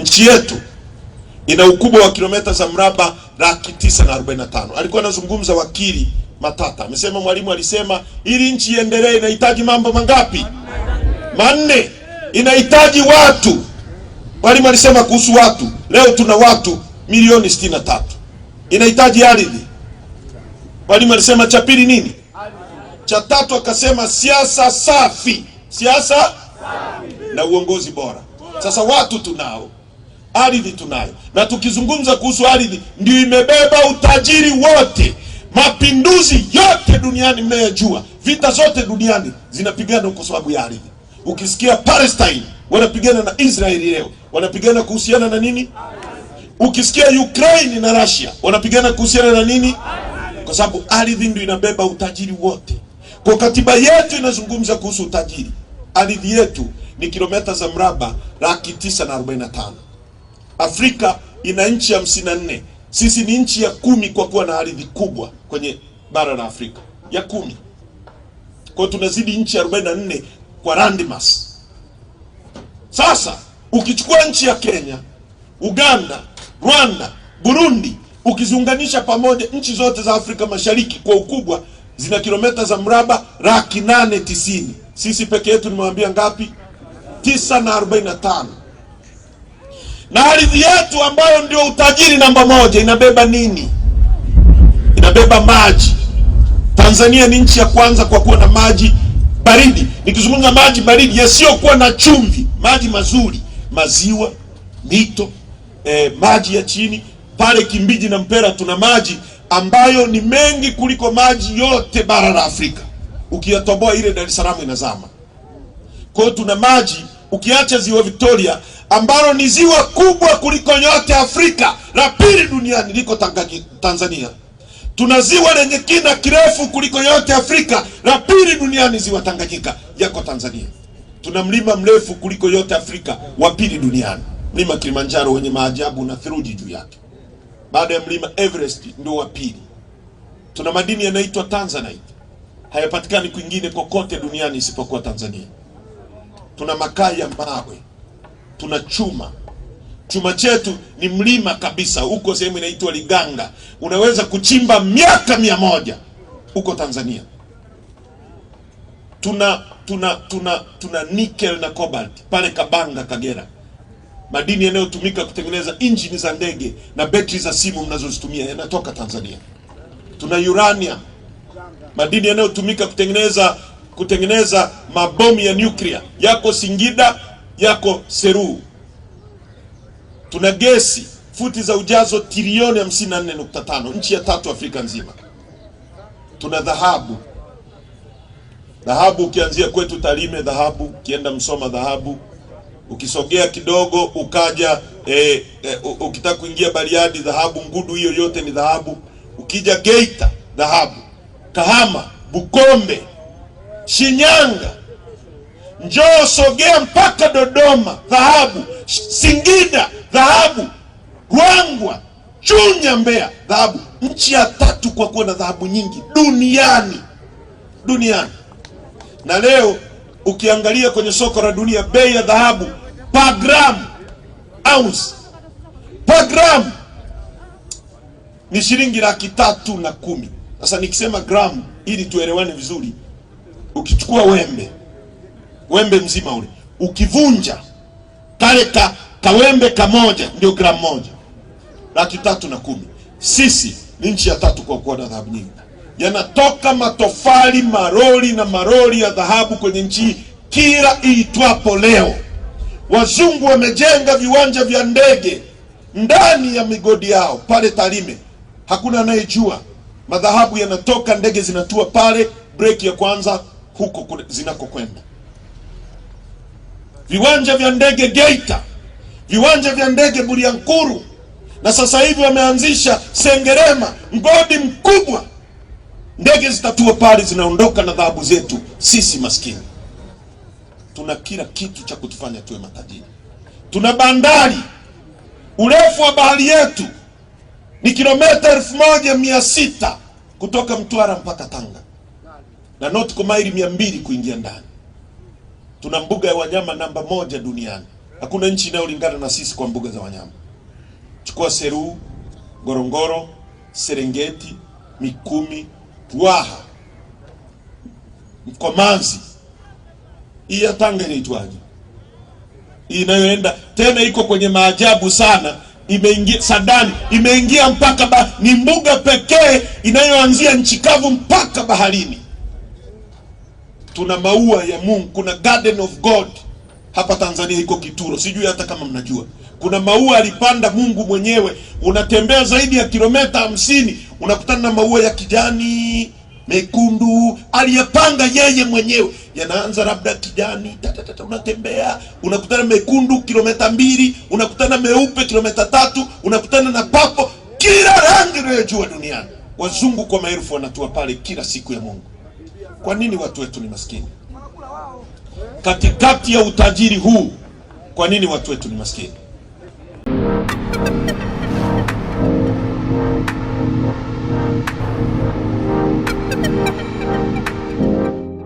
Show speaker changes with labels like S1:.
S1: Nchi yetu ina ukubwa wa kilomita za mraba laki tisa na arobaini na tano. Alikuwa anazungumza wakili Matata amesema, Mwalimu alisema ili nchi iendelee inahitaji mambo mangapi? Manne. Inahitaji watu. Mwalimu alisema kuhusu watu, leo tuna watu milioni sitini na tatu. Inahitaji ardhi. Mwalimu alisema cha pili nini? Cha tatu akasema siasa safi, siasa na uongozi bora. Sasa watu tunao Ardhi tunayo, na tukizungumza kuhusu ardhi, ndio imebeba utajiri wote. Mapinduzi yote duniani mnayojua, vita zote duniani zinapigana kwa sababu ya ardhi. Ukisikia Palestine wanapigana na Israeli leo, wanapigana kuhusiana na nini? Ukisikia ukrain na Russia wanapigana kuhusiana na nini? Kwa sababu ardhi ndio inabeba utajiri wote. Kwa katiba yetu inazungumza kuhusu utajiri. Ardhi yetu ni kilometa za mraba laki tisa na arobaini Afrika ina nchi hamsini na nne. Sisi ni nchi ya kumi kwa kuwa na ardhi kubwa kwenye bara la Afrika, ya kumi. Kwa tunazidi nchi arobaini na nne kwa landmass. Sasa ukichukua nchi ya Kenya, Uganda, Rwanda, Burundi ukiziunganisha pamoja, nchi zote za Afrika Mashariki kwa ukubwa zina kilomita za mraba laki nane tisini. Sisi peke yetu nimewambia ngapi? tisa na arobaini na tano na ardhi yetu ambayo ndio utajiri namba moja inabeba nini? Inabeba maji. Tanzania ni nchi ya kwanza kwa kuwa na maji baridi. Nikizungumza maji baridi yasiyokuwa na chumvi, maji mazuri, maziwa, mito, eh, maji ya chini pale Kimbiji na Mpera tuna maji ambayo ni mengi kuliko maji yote bara la Afrika. Ukiyatoboa ile Dar es Salaam inazama. Kwa hiyo tuna maji ukiacha ziwa Victoria ambalo ni ziwa kubwa kuliko yote Afrika la pili duniani liko Tanzania. Tuna ziwa lenye kina kirefu kuliko yote Afrika la pili duniani, ziwa Tanganyika yako Tanzania. Tuna mlima mrefu kuliko yote Afrika wa pili duniani, mlima Kilimanjaro wenye maajabu na theluji juu yake. Baada ya mlima Everest ndio wa pili. Tuna madini yanaitwa Tanzanite, hayapatikani kwingine kokote duniani isipokuwa Tanzania. Tuna makaa ya mawe tuna chuma. Chuma chetu ni mlima kabisa, huko sehemu inaitwa Liganga, unaweza kuchimba miaka mia moja huko Tanzania. Tuna tuna tuna tuna nickel na cobalt pale Kabanga, Kagera, madini yanayotumika kutengeneza injini za ndege na betri za simu mnazozitumia yanatoka Tanzania. Tuna uranium, madini yanayotumika kutengeneza kutengeneza mabomu ya nyuklia yako Singida yako Seru. Tuna gesi futi za ujazo trilioni 54.5, nchi ya tatu Afrika nzima. Tuna dhahabu, dhahabu ukianzia kwetu Tarime dhahabu, ukienda Msoma dhahabu, ukisogea kidogo ukaja e, e, ukitaka kuingia Bariadi dhahabu, Ngudu hiyo yote ni dhahabu, ukija Geita dhahabu, Kahama, Bukombe, Shinyanga njoo sogea mpaka Dodoma, dhahabu. Singida, dhahabu. rwangwa Chunya, Mbeya, dhahabu. Nchi ya tatu kwa kuwa na dhahabu nyingi duniani, duniani. Na leo ukiangalia kwenye soko la dunia, bei ya dhahabu per gram, ounce per gram ni shilingi laki tatu na kumi. Sasa nikisema gram ili tuelewane vizuri, ukichukua wembe wembe mzima ule ukivunja kale ka, kawembe kamoja ndio gramu moja laki tatu na kumi. Sisi ni nchi ya tatu kwa kuwa na dhahabu nyingi. Yanatoka matofali maroli na maroli ya dhahabu kwenye nchi kila iitwapo leo. Wazungu wamejenga viwanja vya ndege ndani ya migodi yao pale Tarime, hakuna anayejua madhahabu yanatoka, ndege zinatua pale breki ya kwanza huko zinakokwenda viwanja vya ndege Geita, viwanja vya ndege Bulyanhulu, na sasa hivi wameanzisha Sengerema, mgodi mkubwa. Ndege zitatua pale, zinaondoka na dhahabu zetu. Sisi maskini tuna kila kitu cha kutufanya tuwe matajiri. Tuna bandari, urefu wa bahari yetu ni kilomita elfu moja mia sita kutoka Mtwara mpaka Tanga na notiko maili mia mbili kuingia ndani. Tuna mbuga ya wanyama namba moja duniani. Hakuna nchi inayolingana na sisi kwa mbuga za wanyama. Chukua Seru, Ngorongoro, Serengeti, Mikumi, Ruaha, Mkomanzi, hii ya Tanga inaitwaje? Inayoenda tena iko kwenye maajabu sana, imeingia Sadani, imeingia mpaka ba, ni mbuga pekee inayoanzia nchi kavu mpaka baharini tuna maua ya Mungu, kuna garden of God hapa Tanzania iko Kituro, sijui hata kama mnajua. Kuna maua alipanda Mungu mwenyewe. Unatembea zaidi ya kilomita hamsini unakutana na maua ya kijani mekundu aliyepanga yeye mwenyewe, yanaanza labda kijani tatatata, unatembea unakutana mekundu kilomita mbili, unakutana meupe kilomita tatu, unakutana na papo, kila rangi unayojua duniani. Wazungu kwa maelfu wanatua pale kila siku ya Mungu. Kwa nini watu wetu ni maskini? Katikati ya utajiri huu, kwa nini watu wetu ni maskini?